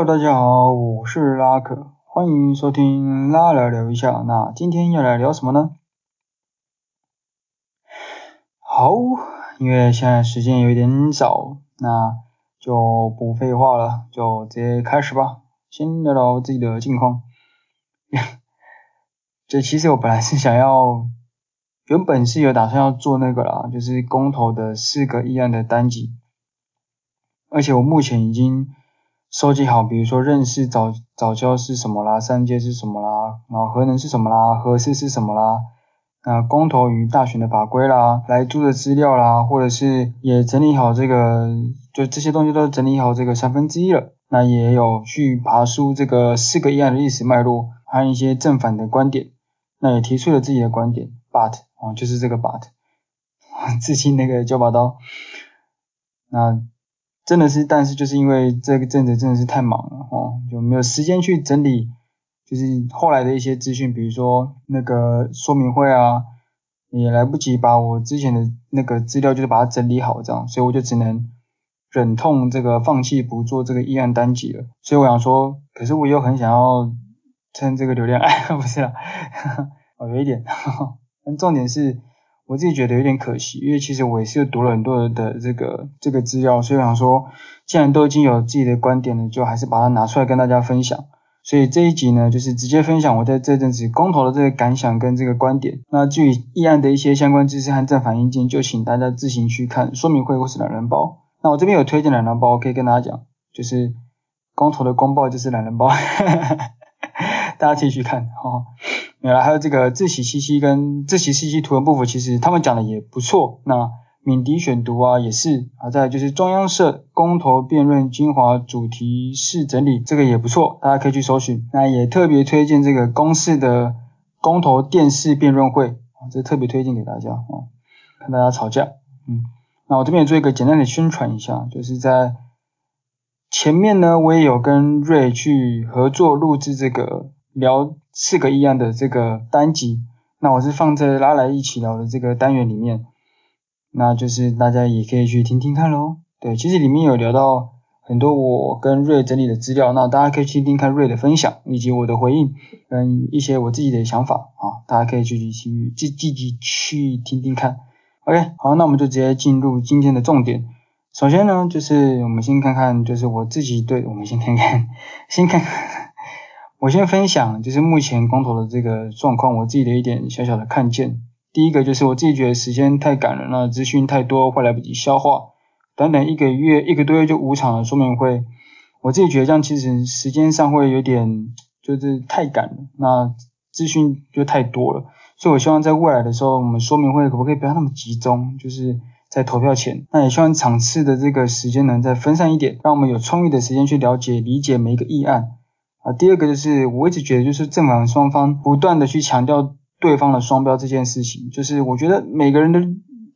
Hello，大家好，我是拉可，歡迎收聽拉來聊一下。那今天要來聊什麼呢？好，因為現在時間有點早，那就不廢話了，就直接開始吧。先聊聊自己的近況。 這其實我本來是想要，原本是有打算要做那個啦，就是公投的四個議案的單集，而且我目前已經收集好，比如說認識藻礁是什麼啦，三接是什麼啦，然後核能是什麼啦，核四是什麼啦，那公投與大選的法規啦，萊豬的資料啦，或者是也整理好這個，就這些東西都整理好這個三分之一了。那也有去爬梳這個四個議案的歷史脈絡，還有一些正反的觀點，那也提出了自己的觀點。But，啊，就是這個 But，自信那個九把刀，那。真的是，但是就是因為這個陣子真的是太忙了哦，就沒有時間去整理，就是後來的一些資訊，比如說那個說明會啊，也來不及把我之前的那個資料就是把它整理好這樣，所以我就只能忍痛這個放棄不做這個議案單集了。所以我想說，可是我又很想要蹭這個流量，哎，不是啦，哦，有一點，哈哈，但重點是，我自己覺得有點可惜，因為其實我也是讀了很多的這個這個資料，所以想說，既然都已經有自己的觀點了，就還是把它拿出來跟大家分享。所以這一集呢，就是直接分享我在這陣子公投的這個感想跟這個觀點。那至於議案的一些相關知識和正反意見，就請大家自行去看說明會或是懶人包。那我這邊有推薦懶人包，我可以跟大家講，就是公投的公報就是懶人包， 大家繼續看，哦原來還有這個志祺七七，跟志祺七七圖文不符，其實他們講的也不錯。那敏迪選讀啊也是，啊再就是中央社公投辯論精華主題式整理這個也不錯，大家可以去搜尋。那也特別推薦這個公視的公投電視辯論會啊，這特別推薦給大家啊、哦，看大家吵架。嗯，那我這邊也做一個簡單的宣傳一下，就是在前面呢，我也有跟 Ray 去合作錄製這個聊。四個議案的這個單集，那我是放在拉來一起聊的、的這個單元裡面，那就是大家也可以去聽聽看嘍。對，其實裡面有聊到很多我跟 Ray 整理的資料，那大家可以聽聽看 Ray 的分享以及我的回應跟一些我自己的想法啊，大家可以去去去積極去、去聽聽看。OK，好，那我們就直接進入今天的重點。首先呢，就是我們先看看，就是我自己對，我們先看看，先看看。我先分享，就是目前公投的這個狀況，我自己的一點小小的看見。第一個就是我自己覺得時間太趕了，那資訊太多，會來不及消化。短短一個月，一個多月就五場的說明會，我自己覺得這樣其實時間上會有點就是太趕了，那資訊就太多了，所以我希望在未來的時候，我們說明會可不可以不要那麼集中，就是在投票前，那也希望場次的這個時間能再分散一點，讓我們有充裕的時間去了解、理解每一個議案。啊，第二個就是我一直覺得，就是正反雙方不斷的去強調對方的雙標這件事情，就是我覺得每個人都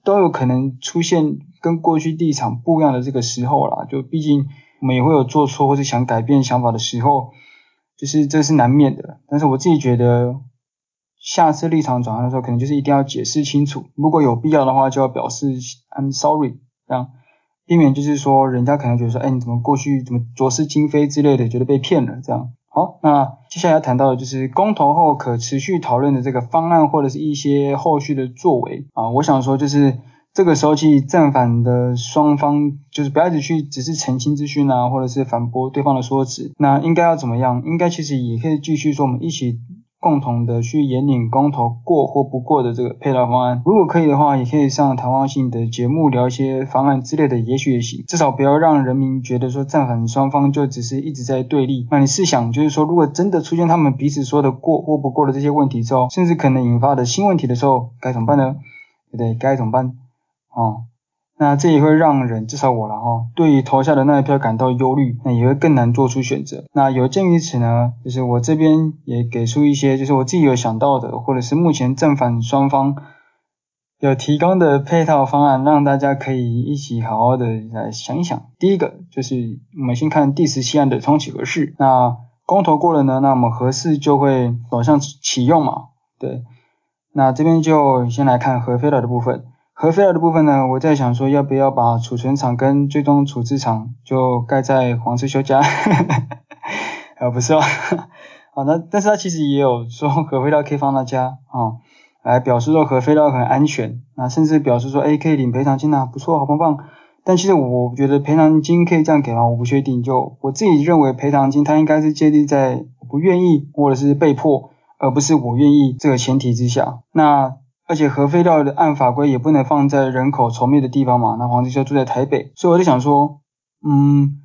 都有可能出現跟過去立場不一樣的這個時候啦，就畢竟我們也會有做錯或者想改變想法的時候，就是這是難免的。但是我自己覺得，下次立場轉換的時候，可能就是一定要解釋清楚，如果有必要的話，就要表示 I'm sorry，這樣。避免就是說，人家可能覺得說，哎、欸，你怎麼過去怎麼昨是今非之類的，覺得被騙了這樣。好，那接下來要談到的就是公投後可持續討論的這個方案，或者是一些後續的作為啊。我想說，就是這個時候去正反的雙方，就是不要只去只是澄清資訊啊，或者是反駁對方的說辭。那應該要怎麼樣？應該其實也可以繼續說，我們一起。共同的去引領公投過或不過的這個配套方案，如果可以的話，也可以上談話性的節目聊一些方案之類的，也許也行。至少不要讓人民覺得說贊反雙方就只是一直在對立。那你試想，就是說如果真的出現他們彼此說的過或不過的這些問題之後，甚至可能引發的新問題的時候，該怎麼辦呢？對不對？該怎麼辦？啊、哦？那這也會讓人，至少我了後、哦、對於投下的那一票感到憂慮，那也會更難做出選擇。那有鑒於此呢，就是我這邊也給出一些，就是我自己有想到的，或者是目前正反雙方有提供的配套方案，讓大家可以一起好好的來想一想。第一個就是我們先看第十七案的重啟核四，那公投過了呢，那我們核四就會馬上啟用嘛？對，那這邊就先來看核廢的部分。核廢料的部分呢？我在想說，要不要把儲存廠跟最終處置廠就蓋在黃士修家？啊，不是哦。好，那但是他其實也有說核廢料可以放到家啊、哦，來表示說核廢料很安全。那、啊、甚至表示說，A K 領賠償金呢、啊，不錯，好棒棒。但其實我覺得賠償金可以這樣給嗎？我不確定就，就我自己認為賠償金它應該是建立在不願意或者是被迫，而不是我願意這個前提之下。那而且核廢料的按法規也不能放在人口稠密的地方嘛，那黃志就住在台北，所以我就想說，嗯，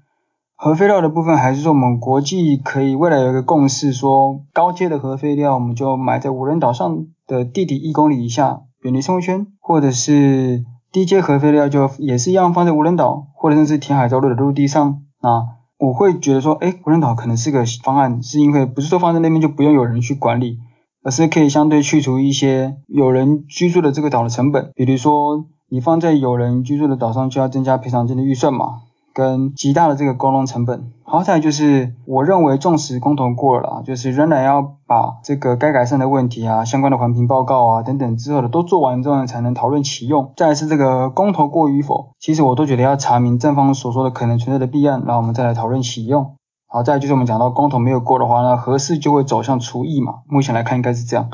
核廢料的部分還是說我們國際可以未來有一個共識說，說高階的核廢料我們就埋在無人島上的地底一公里以下，遠離生活圈，或者是低階核廢料就也是一樣放在無人島，或者甚至填海造陸的陸地上啊，那我會覺得說，哎，無人島可能是個方案，是因為不是說放在那邊就不用有人去管理。而是可以相對去除一些有人居住的這個島的成本，比如說你放在有人居住的島上就要增加賠償金的預算嘛，跟極大的這個溝通成本。好，再來就是我認為重視公投過了，就是仍然要把這個該改善的問題啊、相關的環評報告啊等等之後的都做完，之後才能討論啟用。再是這個公投過與否，其實我都覺得要查明正方所說的可能存在的弊案，然後我們再來討論啟用。好，再來就是我們講到公投沒有過的話，那核四就會走向除役嘛。目前來看應該是這樣。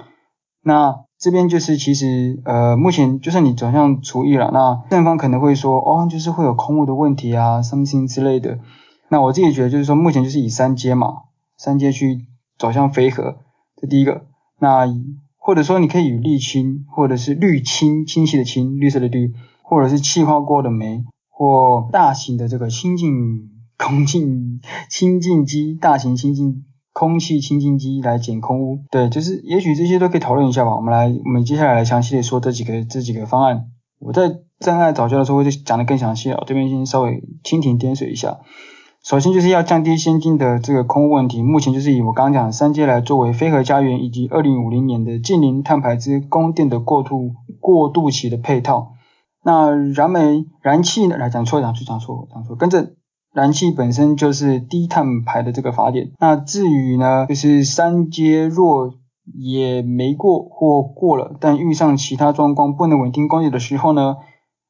那這邊就是其實呃，目前就是你走向除役了，那正方可能會說，哦，就是會有空屋的問題啊 something 之類的。那我自己覺得就是說，目前就是以三接嘛，三接去走向廢核。這第一個。那或者說你可以以綠氫或者是綠氫清晰的清綠色的綠，或者是氣化過的煤或大型的這個親近。空淨、清淨機、大型清淨空氣清淨機來減空污，對，就是也許這些都可以討論一下吧。我們來，我們接下來來詳細的說這幾個、這幾個方案。我在站在早教的時候，會就講的更詳細了。這邊先稍微蜻蜓點水一下。首先就是要降低先進的這個空污問題。目前就是以我剛剛講的三階來作為非核家園以及二零五零年的近零碳排之供電的過渡過渡期的配套。那燃煤、燃氣呢？來講錯，講錯，講錯，講錯，跟着。燃氣本身就是低碳排的這個發電。那至於呢，就是三接若也沒過或過了，但遇上其他狀況不能穩定供給的時候呢，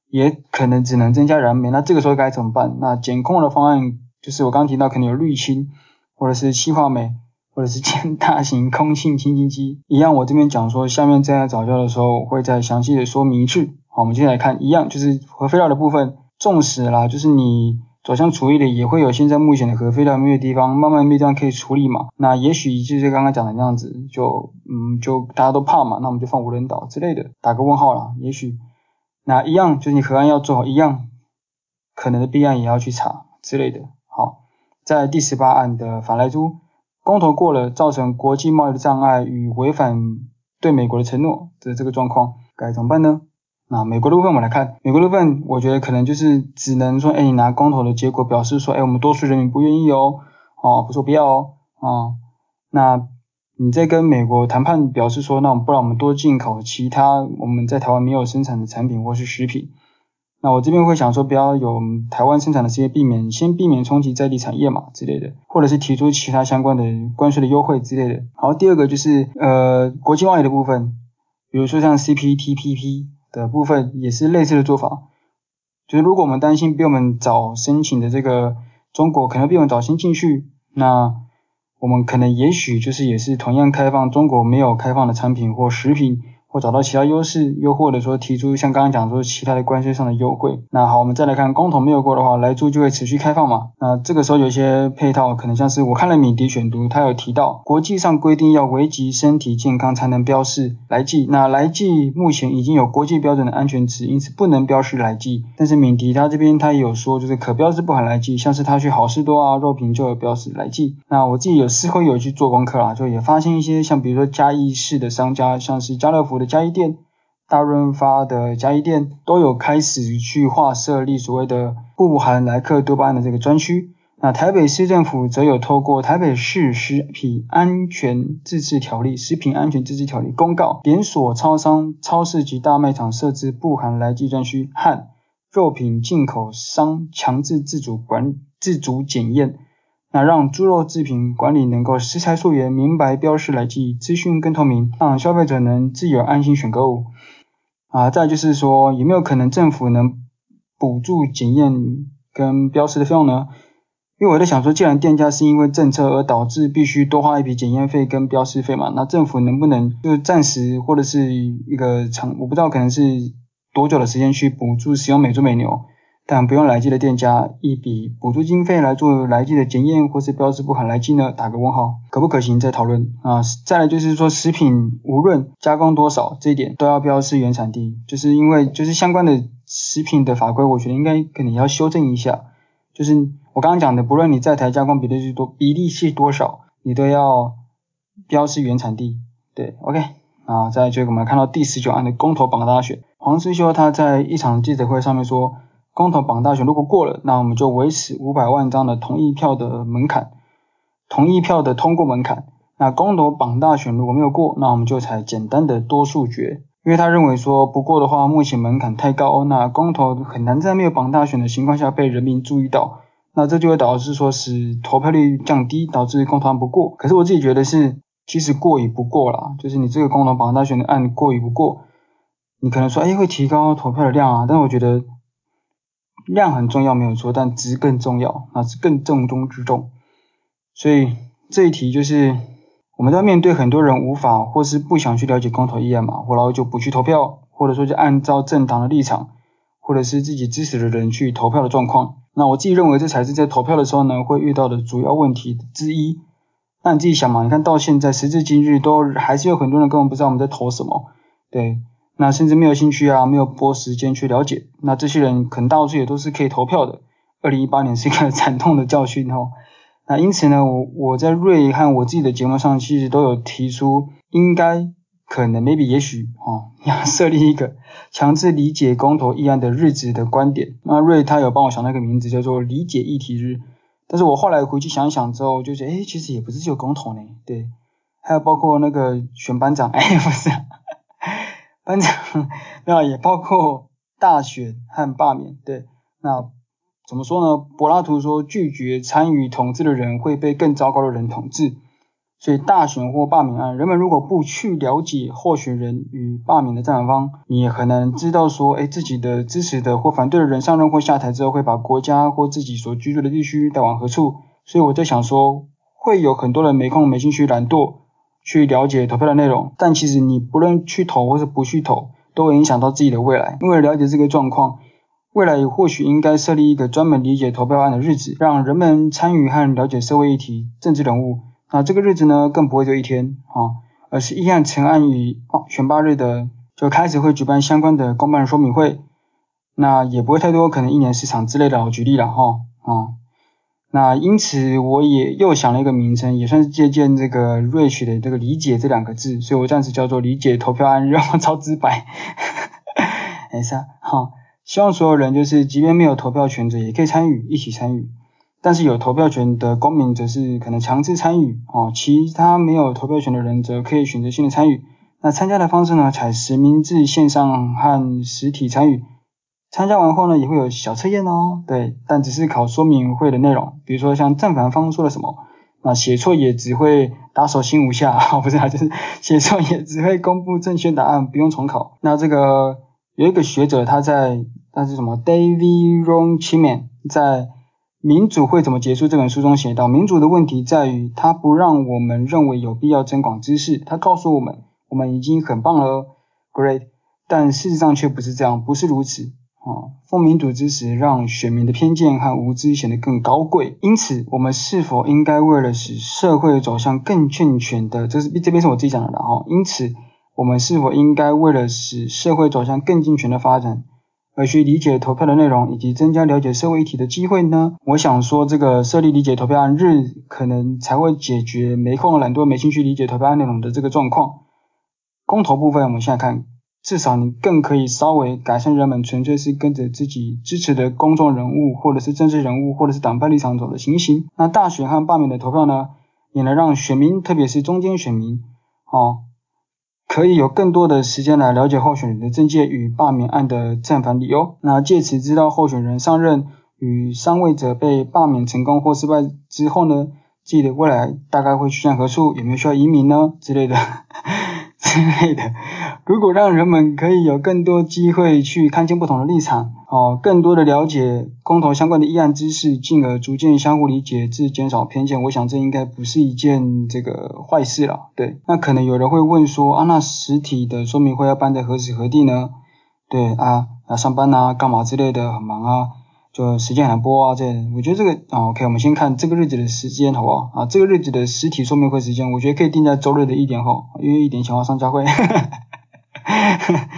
也可能只能增加燃煤。那這個時候該怎麼辦？那減控的方案就是我剛剛提到，可能有綠氫，或者是氣化煤，或者是建大型空氣清新機。一樣，我這邊講說，下面在藻礁的時候會再詳細的說明一次。好，我們接下來看，一樣就是核廢料的部分，縱使啦，就是你。走向除役的也會有現在目前的核廢料沒有地方，慢慢沒地方可以處理嘛？那也許就是剛剛講的那樣子，就嗯就大家都怕嘛，那我們就放無人島之類的，打個問號啦。也許那一樣就是你核安要做好一樣，可能的弊案也要去查之類的。好，在第十八案的反萊豬公投過了，造成國際貿易的障礙與違反對美國的承諾的、就是、這個狀況，該怎麼辦呢？那美國的部分，我們來看美國的部分，我覺得可能就是只能說，哎，你拿公投的結果表示說，哎，我們多數人民不願意哦，哦，不說不要哦，啊、哦，那你在跟美國談判，表示說，那我們不然我們多進口其他我們在台灣沒有生產的產品或是食品。那我這邊會想說，不要有台灣生產的這些避免，先避免衝擊在地產業嘛之類的，或者是提出其他相關的關稅的優惠之類的。好，第二個就是呃國際貿易的部分，比如說像 CPTPP。的部分也是類似的做法，就是如果我們擔心比我們早申請的這個中國可能比我們早先進去，那我們可能也許就是也是同樣開放中國沒有開放的產品或食品。或找到其他優勢，又或者說提出像剛剛講說其他的關稅上的優惠。那好，我們再來看公投沒有過的話，萊豬就會持續開放嘛。那這個時候有一些配套可能像是我看了敏迪選讀，他有提到國際上規定要危及身體健康才能標示萊劑。那萊劑目前已經有國際標準的安全值，因此不能標示萊劑。但是敏迪他這邊他也有說，就是可標示不含萊劑，像是他去好事多啊、肉品就有標示萊劑。那我自己有事後有去做功課啦，就也發現一些像比如說嘉義市的商家，像是家樂福的。家宜店、大潤發的家宜店，都有開始去劃設立所謂的不含萊克多巴胺的這個專區。那台北市政府則有透過台北市食品安全自治條例、食品安全自治條例公告，連鎖超商、超市及大賣場設置不含萊劑專區，和肉品進口商強制自主管、自主檢驗。那讓豬肉製品管理能夠食材溯源、明白標識來記，資訊更透明，讓消費者能自由安心選購物。啊，再就是說，有沒有可能政府能補助檢驗跟標識的費用呢？因為我在想說，既然店家是因為政策而導致必須多花一筆檢驗費跟標識費嘛，那政府能不能就暫時或者是一個長，我不知道可能是多久的時間去補助使用美豬美牛？但不用來記的店家，一筆補助經費來做來記的檢驗，或是標示不含來記呢？打個問號，可不可行？再討論啊。再來就是說，食品無論加工多少，這一點都要標示原產地，就是因為就是相關的食品的法規，我覺得應該肯定要修正一下。就是我剛剛講的，不論你在台加工比例是多，比例是多少，你都要標示原產地。對，OK 啊。再就我們看到第十九案的公投綁大選，黃士修他在一場記者會上面說。公投綁大選如果過了，那我們就維持五百萬張的同意票的門檻，同意票的通過門檻。那公投綁大選如果沒有過，那我們就採簡單的多數決，因為他認為說不過的話，目前門檻太高，那公投很難在沒有綁大選的情況下被人民注意到，那這就會導致說使投票率降低，導致公投案不過。可是我自己覺得是，其實過與不過啦，就是你這個公投綁大選的案過與不過，你可能說，哎，會提高投票的量啊，但是我覺得。量很重要，沒有錯，但值更重要，那是更重中之重。所以這一題就是，我們在面對很多人無法或是不想去了解公投議案嘛，然後就不去投票，或者說就按照政黨的立場，或者是自己支持的人去投票的狀況。那我自己認為，這才是在投票的時候呢會遇到的主要問題之一。那你自己想嘛，你看到現在時至今日都還是有很多人根本不知道我們在投什麼，對。那甚至沒有興趣啊，沒有撥時間去了解。那這些人可能大多數也都是可以投票的。二零一八年是一個慘痛的教訓哦。那因此呢，我我在 Ray 和我自己的節目上，其實都有提出，應該可能 maybe 也許啊、哦，要設立一個強制理解公投議案的日子的觀點。那 Ray 他有幫我想到一個名字，叫做理解議題日。但是我後來回去想想之後，就是誒，其實也不是只有公投呢，對。還有包括那個選班長，哎，不是。班長，那也包括大選和罷免。對，那怎麼說呢？柏拉圖說，拒絕參與統治的人會被更糟糕的人統治。所以大選或罷免案，人們如果不去了解候選人與罷免的戰方，你很難知道說，哎，自己的支持的或反對的人上任或下台之後會把國家或自己所居住的地區帶往何處。所以我在想說，會有很多人沒空、沒興趣、懶惰。去了解投票的內容，但其實你不論去投或是不去投，都會影響到自己的未來。因為了解這個狀況，未來或許應該設立一個專門理解投票案的日子，讓人們參與和了解社會議題、政治人物。那這個日子呢，更不會就一天啊、哦，而是議案成案與選罷日的就開始會舉辦相關的公辦說明會。那也不會太多，可能一年十場之類的。我舉例了哈啊。哦哦那因此我也又想了一個名稱，也算是借鑑這個 rich 的這個“理解”這兩個字，所以我暫時叫做“理解投票案”，然後我超直白。沒 事、啊，好、哦，希望所有人就是即便沒有投票權者也可以參與，一起參與。但是有投票權的公民則是可能強制參與哦，其他沒有投票權的人則可以選擇性的參與。那參加的方式呢？採實名制線上和實體參與。參加完後呢，也會有小測驗哦。對，但只是考說明會的內容，比如說像正反方說了什麼，那寫錯也只會打手心五下啊、哦，不是啊，就是寫錯也只會公布正確答案，不用重考。那這個有一個學者他在，他是什麼，David Runciman 在《民主會怎麼結束》這本書中寫道，民主的問題在於，他不讓我們認為有必要增廣知識，他告訴我們我們已經很棒了哦，great，但事實上卻不是這樣，不是如此。啊、哦，奉民主之時，讓選民的偏見和無知顯得更高貴。因此，我們是否應該為了使社會走向更健全的？這是這邊是我自己講的啦，哈、哦。因此，我們是否應該為了使社會走向更健全的發展，而去理解投票的內容，以及增加了解社會議題的機會呢？我想說，這個設立理解投票案日，可能才會解決沒空、懶惰、沒興趣理解投票案內容的這個狀況。公投部分，我們現在看。至少你更可以稍微改善人們純粹是跟着自己支持的公眾人物，或者是政治人物，或者是黨派立場走的情形。那大選和罷免的投票呢，也能讓選民，特別是中間選民，哦，可以有更多的時間來了解候選人的政見與罷免案的正反理由。那借此知道候選人上任與上位者被罷免成功或失敗之後呢，自己的未來大概會去向何處，有沒有需要移民呢之類的。之類的，如果讓人們可以有更多機會去看清不同的立場，哦，更多的了解公投相關的議案知識，進而逐漸相互理解，至減少偏見，我想這應該不是一件這個壞事了。對，那可能有人會問說，啊，那實體的說明會要辦在何時何地呢？對，啊，要啊，上班吶，幹嘛之類的，很忙啊。就時間很多啊，這樣，我覺得這個啊，OK，我們先看這個日子的時間好不好啊？這個日子的實體說明會時間，我覺得可以定在週日的一點後，因為一點前的話，商家會，哈哈哈哈哈，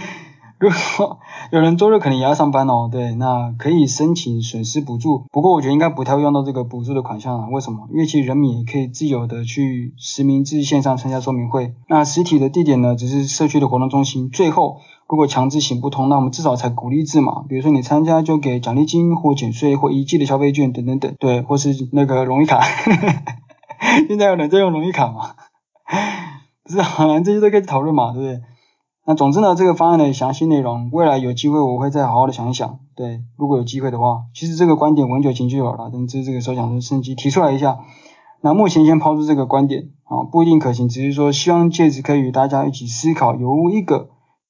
如果。有人周日可能也要上班哦，對，那可以申請損失補助，不過我覺得應該不太會用到這個補助的款項啊，為什麼？因為其實人民也可以自由的去實名制線上參加說明會。那實體的地點呢，只是社區的活動中心。最後，如果強制行不通，那我們至少才鼓勵制嘛。比如說你參加就給獎勵金或減稅或一季的消費券等等等，對，或是那個榮譽卡。呵呵現在有人在用榮譽卡嗎？不是，好像這些都可以討論嘛，對不對？那總之呢，這個方案的詳細內容，未來有機會我會再好好的想一想。對，如果有機會的話，其實這個觀點很久前就有了，但只是這，這個時候想說升級提出來一下。那目前先拋出這個觀點啊，不一定可行，只是說希望借此可以與大家一起思考，有一個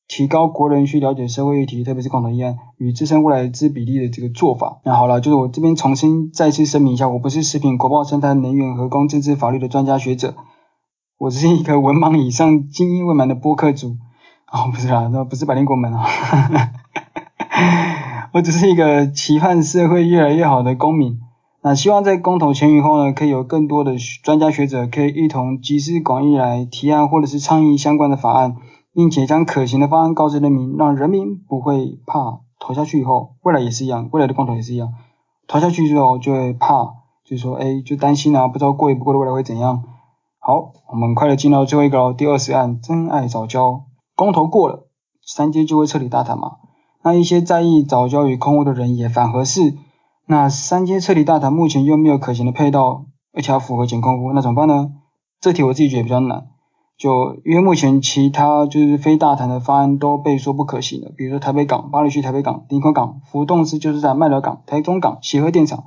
提高國人去了解社會議題，特別是公投議案與自身未來之比例的這個做法。那好了，就是我這邊重新再次聲明一下，我不是食品、國貿、生態、能源和公政治法律的專家學者，我只是一個文盲以上、精英未滿的播客組。哦，不是啦，那不是白領國門哈、啊。 我只是一個期盼社會越來越好的公民。那希望在公投前以後呢，可以有更多的專家學者可以一同集思廣益來提案或者是倡議相關的法案，並且將可行的方案告知人民，讓人民不會怕投下去以後，未來也是一樣，未來的公投也是一樣，投下去之後就會怕，就是說，哎，就擔心啊，不知道過與不過的未來會怎樣。好，我們快樂進到最後一個囉，第二十案，真愛早教。公投過了，三接就會撤離大潭嘛？那一些在意藻礁與空污的人也反核四？那三接撤離大潭，目前又沒有可行的配套，而且要符合減空污，那怎麼辦呢？這題我自己覺得比較難，就因為目前其他就是非大潭的方案都被說不可行了，比如說台北港、八里區台北港、林口港、浮動式就是在麥寮港、台中港、協和電廠，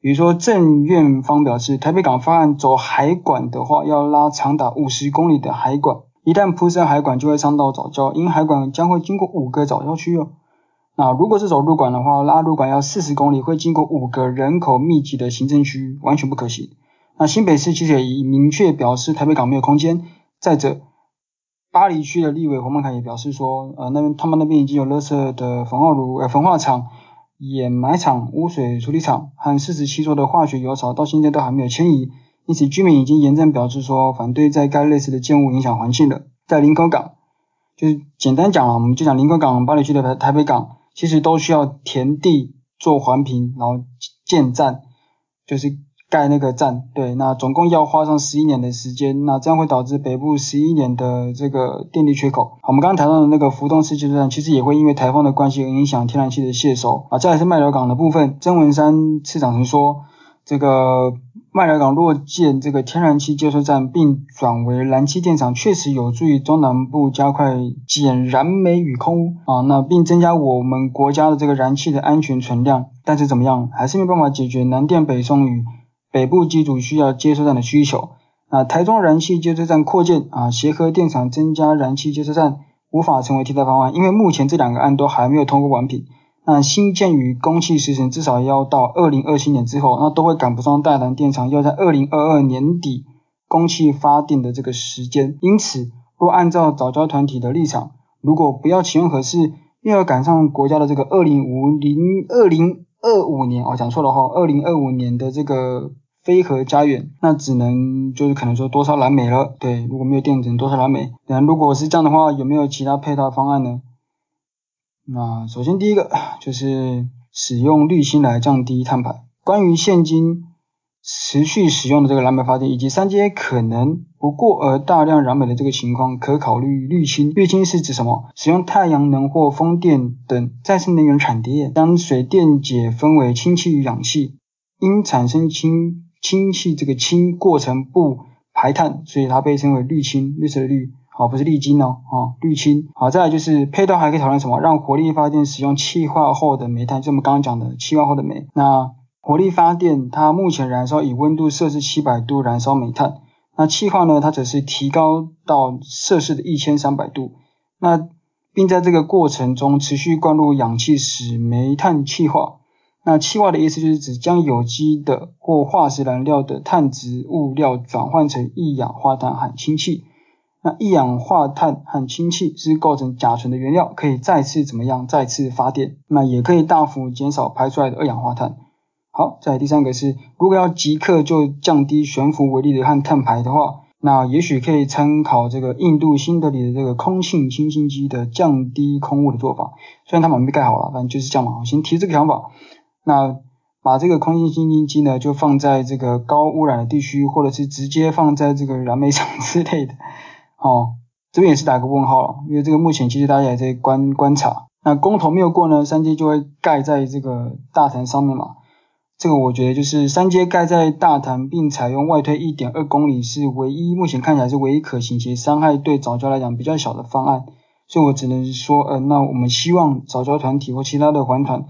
比如說政院方表示台北港方案走海管的話，要拉長達五十公里的海管。一旦鋪設海管，就會傷到藻礁，因為海管將會經過五個藻礁區哦。那如果是走陸管的話，拉陸管要四十公里，會經過五個人口密集的行政區，完全不可行。那新北市其實也已明確表示，台北港沒有空間。再者，八里區的立委洪孟楷也表示說，呃，那邊他們那邊已經有垃圾的焚化爐、呃焚化廠、掩埋場、污水處理廠含四十七座的化學油槽，到現在都還沒有遷移。因此居民已經嚴正表示說，反對在蓋類似的建物影響環境的。在林口港，就是簡單講啊，我們就講林口港、八里區的台台北港，其實都需要填地做環評，然後建站，就是蓋那個站。對，那總共要花上十一年的時間，那這樣會導致北部十一年的這個電力缺口。我們剛剛談到的那個浮動式接收站，其實也會因為颱風的關係而影響天然氣的卸收啊。再來是麥寮港的部分，曾文山次長曾說，這個。麥萊港落建這個天然氣接收站，並轉為燃氣電廠，確實有助於中南部加快減燃煤與空污啊，那並增加我們國家的這個燃氣的安全存量。但是怎麼樣，還是沒辦法解決南電北送與北部機組需要接收站的需求。啊，台中燃氣接收站擴建啊，協和電廠增加燃氣接收站，無法成為替代方案，因為目前這兩個案都還沒有通過完畢。那新建於供氣時程至少要到二零二七年之後，那都會趕不上大潭電廠要在二零二二年底供氣發電的這個時間。因此，若按照藻礁團體的立場，如果不要啟用核四，又要趕上國家的這個二零五零二零二五年哦，我講錯了哈，二零二五年的這個非核家園，那只能就是可能說多燒燃煤了。對，如果沒有電只能，多燒燃煤。那如果是這樣的話，有沒有其他配套方案呢？那首先第一個就是使用綠氫來降低碳排。關於現今持續使用的這個燃煤發電，以及三接可能不過而大量燃煤的這個情況，可考慮綠氫。綠氫是指什麼？使用太陽能或風電等再生能源產電，將水電解分為氫氣與氧氣。因產生氫氫氣這個氫過程不排碳，所以它被稱為綠氫，綠色的綠。好，不是瀝青哦，哦，濾青。好，再來就是配套還可以討論什麼？讓火力發電使用氣化後的煤炭，就我們剛剛講的氣化後的煤。那火力發電它目前燃燒以溫度攝氏七百度燃燒煤炭，那氣化呢？它則是提高到攝氏的一千三百度。那並在這個過程中持續灌入氧氣，使煤炭氣化。那氣化的意思就是指將有機的或化石燃料的碳質物料轉換成一氧化碳含氫氣。那一氧化碳和氫氣是構成甲醇的原料，可以再次怎麼樣？再次發電，那也可以大幅減少排出來的二氧化碳。好，再來第三個是，如果要即刻就降低懸浮微粒的和碳排的話，那也許可以參考這個印度新德里的這個空氣清淨機的降低空污的做法。雖然它沒被蓋好了，反正就是這樣嘛。我先提這個想法。那把這個空氣清淨機呢，就放在這個高污染的地區，或者是直接放在這個燃煤廠之類的。哦，這邊也是打個問號了，因為這個目前其實大家也在觀觀察。那公投沒有過呢，三階就會蓋在這個大潭上面嘛。這個我覺得就是三階蓋在大潭，並採用外推一點二公里是唯一目前看起來是唯一可行且傷害對藻礁來講比較小的方案。所以我只能說，呃，那我們希望藻礁團體或其他的環團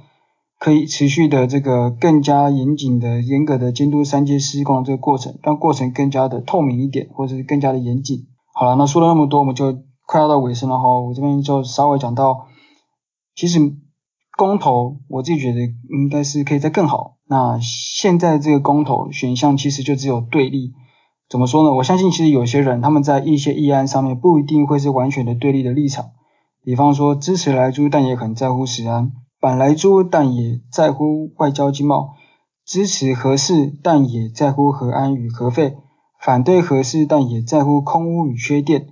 可以持續的這個更加嚴謹的、嚴格的監督三階施工的這個過程，讓過程更加的透明一點，或者是更加的嚴謹。好了，那說了那麼多，我們就快要到尾聲了哈。我這邊就稍微講到，其實公投，我自己覺得應該是可以再更好。那現在這個公投選項其實就只有對立，怎麼說呢？我相信其實有些人他們在一些議案上面不一定會是完全的對立的立場。比方說支持萊豬，但也很在乎食安；反萊豬，但也在乎外交經貿；支持核四，但也在乎核安與核廢。反對核四但也在乎空污與缺電；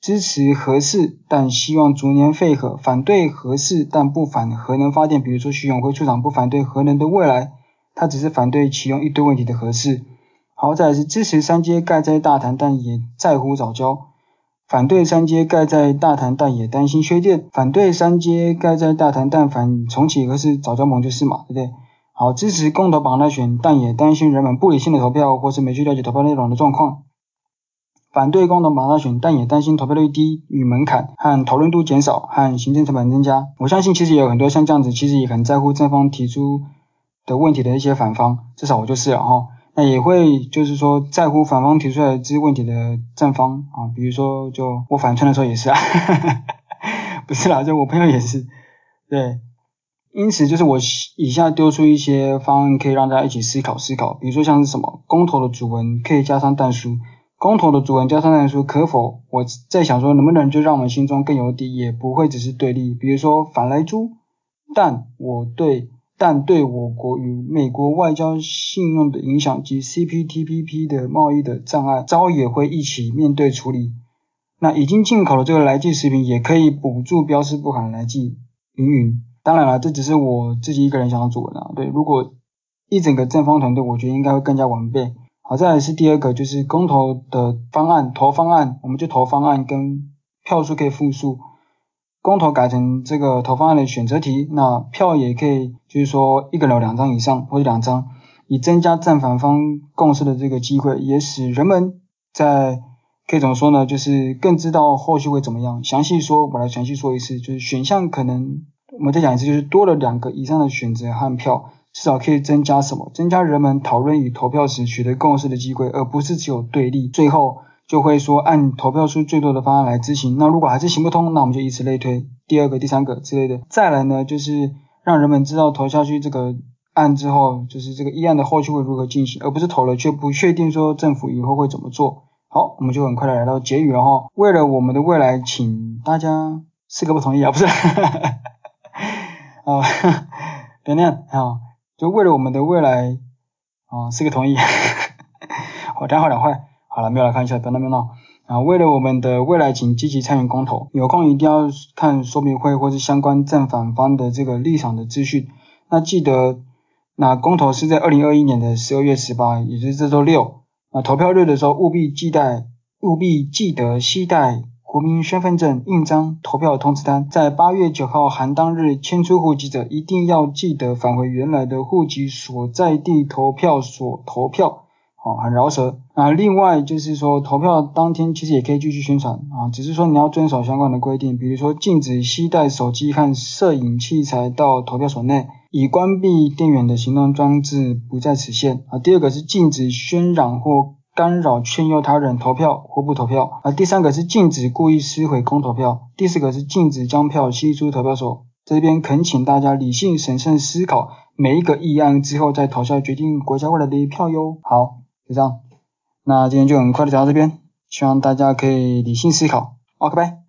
支持核四但希望逐年廢核；反對核四但不反核能發電。比如說徐永輝處長不反對核能的未來，他只是反對其中一堆問題的核四。好，再來是支持三階蓋在大潭但也在乎藻礁；反對三階蓋在大潭但也擔心缺電；反對三階蓋在大潭但反重啟核四，藻礁盟就是嘛，對不對？好，支持公投綁大選，但也擔心人們不理性的投票或是沒去了解投票內容的狀況。反對公投綁大選，但也擔心投票率低與門檻和討論度減少和行政成本增加。我相信其實也有很多像這樣子，其實也很在乎正方提出的問題的一些反方，至少我就是，哈。那也會就是說在乎反方提出來這些問題的正方啊，比如說就我反串的時候也是，啊，哈哈哈，不是啦，就我朋友也是，對。因此，就是我以下丟出一些方案，可以讓大家一起思考思考。比如說像是什麼公投的主文可以加上但書，公投的主文加上但書可否？我在想說，能不能就讓我們心中更有底，也不會只是對立。比如說反萊豬，但我對但對我國與美國外交信用的影響及 CPTPP 的貿易的障礙，招也會一起面對處理。那已經進口的這個萊劑食品也可以補助標示不含萊劑雲雲。當然了，這只是我自己一個人想要做的啊。對，如果一整個正方團隊，我覺得應該會更加完備。好，再來是第二個，就是公投的方案，投方案，我們就投方案跟票數可以複數，公投改成這個投方案的選擇題，那票也可以，就是說一個人有兩張以上或者兩張，以增加正反方共識的這個機會，也使人們在可以怎麼說呢？就是更知道後續會怎麼樣。詳細說，我來詳細說一次，就是選項可能。我們再講一次，就是多了兩個以上的選擇和票，至少可以增加什麼？增加人們討論與投票時取得共識的機會，而不是只有對立。最後就會說按投票數最多的方案來執行。那如果還是行不通，那我們就以此類推，第二個、第三個之類的。再來呢，就是讓人們知道投下去這個案之後，就是這個議案的後續會如何進行，而不是投了卻不確定說政府以後會怎麼做。好，我們就很快的來，來到結語了哈。為了我們的未來，請大家四個不同意啊，不是。 啊、哦，等連啊、哦，就為了我們的未來啊，四、哦、個同意，好、 哦，待會兩會，好了，沒有來看一下，等到沒有？啊，為了我們的未來，請積極參與公投，有空一定要看說明會或是相關正反方的這個立場的資訊。那記得，那公投是在二零二一年的十二月十八，也就是這周六啊，那投票日的時候務必記帶，務必記得攜帶。國民身份證、印章、投票通知單，在八月九號含當日遷出戶籍者，一定要記得返回原來的戶籍所在地投票所投票。好，很饒舌啊。另外就是說，投票當天其實也可以繼續宣傳啊，只是說你要遵守相關的規定，比如說禁止攜帶手機和攝影器材到投票所內，已關閉電源的行動裝置不在此限。啊，第二個是禁止喧嚷或干擾勸誘他人投票或不投票，而第三個是禁止故意撕毀公投票，第四個是禁止將票攜出投票所。這邊懇請大家理性審慎思考每一個議案之後再投票決定國家未來的一票喲。好，就這樣，那今天就很快的講到這邊，希望大家可以理性思考。OK，拜。